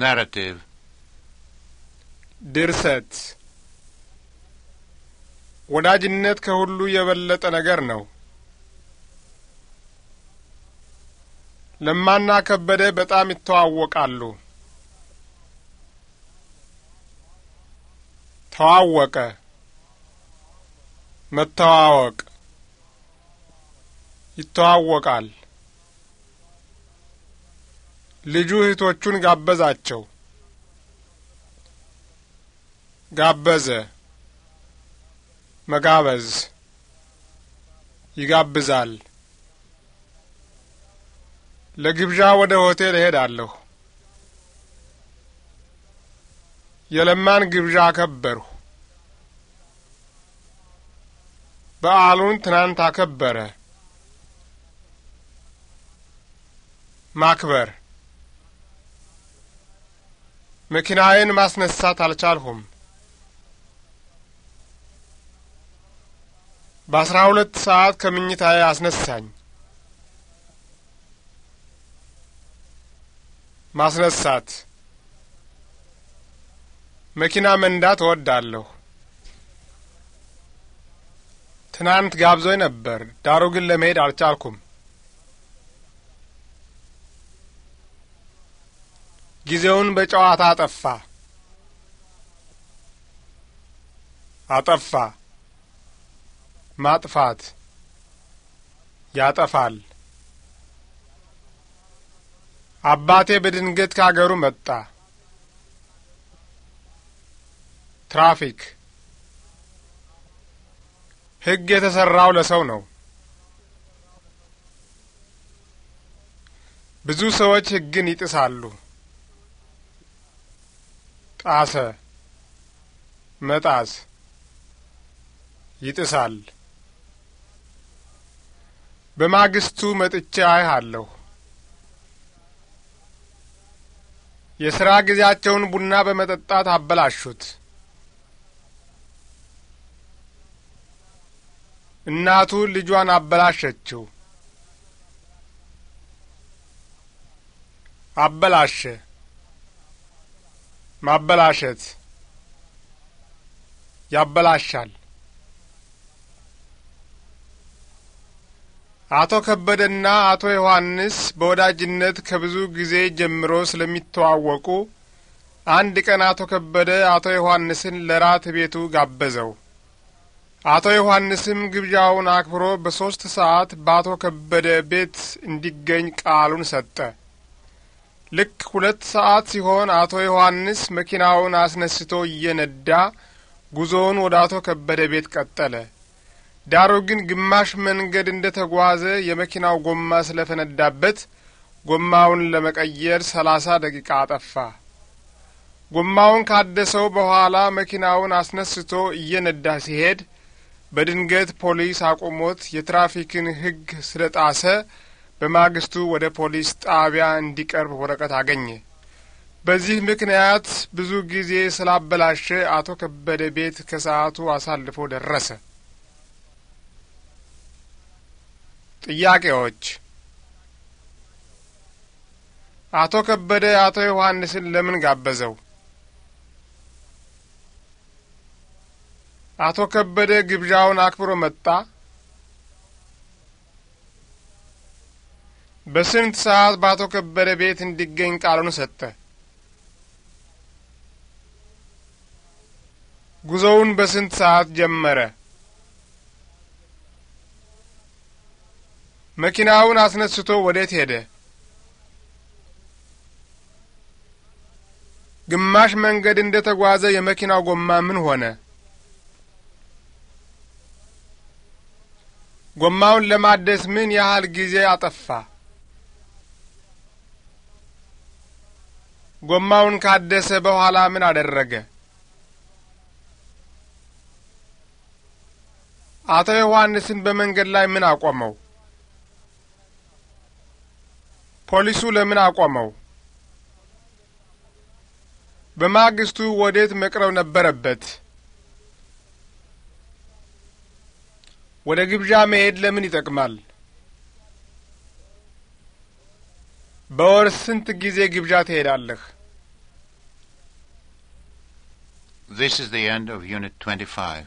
ናራቲቭ ድርሰት ወዳጅነት ከሁሉ የበለጠ ነገር ነው። ለማና ከበደ በጣም ይተዋወቃሉ። ተዋወቀ፣ መተዋወቅ፣ ይተዋወቃል። ልጁ እህቶቹን ጋበዛቸው። ጋበዘ፣ መጋበዝ፣ ይጋብዛል። ለግብዣ ወደ ሆቴል እሄዳለሁ። የለማን ግብዣ አከበርሁ። በዓሉን ትናንት አከበረ። ማክበር መኪናዬን ማስነሳት አልቻልሁም። በአስራ ሁለት ሰዓት ከምኝታዬ አስነሳኝ። ማስነሳት መኪና መንዳት እወዳለሁ። ትናንት ጋብዞኝ ነበር፣ ዳሩ ግን ለመሄድ አልቻልኩም። ጊዜውን በጨዋታ አጠፋ። አጠፋ፣ ማጥፋት፣ ያጠፋል። አባቴ በድንገት ከአገሩ መጣ። ትራፊክ፣ ሕግ የተሰራው ለሰው ነው። ብዙ ሰዎች ሕግን ይጥሳሉ። ጣሰ መጣስ ይጥሳል። በማግስቱ መጥቼ አይሃለሁ። የሥራ ጊዜያቸውን ቡና በመጠጣት አበላሹት። እናቱ ልጇን አበላሸችው። አበላሸ ማበላሸት ያበላሻል። አቶ ከበደና አቶ ዮሐንስ በወዳጅነት ከብዙ ጊዜ ጀምሮ ስለሚተዋወቁ አንድ ቀን አቶ ከበደ አቶ ዮሐንስን ለራት ቤቱ ጋበዘው። አቶ ዮሐንስም ግብዣውን አክብሮ በሶስት ሰዓት በአቶ ከበደ ቤት እንዲገኝ ቃሉን ሰጠ። ልክ ሁለት ሰዓት ሲሆን አቶ ዮሐንስ መኪናውን አስነስቶ እየነዳ ጉዞውን ወደ አቶ ከበደ ቤት ቀጠለ። ዳሩ ግን ግማሽ መንገድ እንደ ተጓዘ የመኪናው ጎማ ስለፈነዳበት ጎማውን ለመቀየር ሰላሳ ደቂቃ አጠፋ። ጎማውን ካደሰው በኋላ መኪናውን አስነስቶ እየነዳ ሲሄድ በድንገት ፖሊስ አቁሞት የትራፊክን ሕግ ስለጣሰ በማግስቱ ወደ ፖሊስ ጣቢያ እንዲቀርብ ወረቀት አገኘ። በዚህ ምክንያት ብዙ ጊዜ ስላበላሸ አቶ ከበደ ቤት ከሰዓቱ አሳልፎ ደረሰ። ጥያቄዎች አቶ ከበደ አቶ ዮሐንስን ለምን ጋበዘው? አቶ ከበደ ግብዣውን አክብሮ መጣ? በስንት ሰዓት በአቶ ከበደ ቤት እንዲገኝ ቃሉን ሰጠ። ጉዞውን በስንት ሰዓት ጀመረ? መኪናውን አስነስቶ ወዴት ሄደ? ግማሽ መንገድ እንደ ተጓዘ የመኪናው ጎማ ምን ሆነ? ጎማውን ለማደስ ምን ያህል ጊዜ አጠፋ? ጎማውን ካደሰ በኋላ ምን አደረገ? አቶ ዮሐንስን በመንገድ ላይ ምን አቆመው? ፖሊሱ ለምን አቆመው? በማግስቱ ወዴት መቅረብ ነበረበት? ወደ ግብዣ መሄድ ለምን ይጠቅማል? በወር ስንት ጊዜ ግብዣ ትሄዳለህ? This is the end of Unit 25.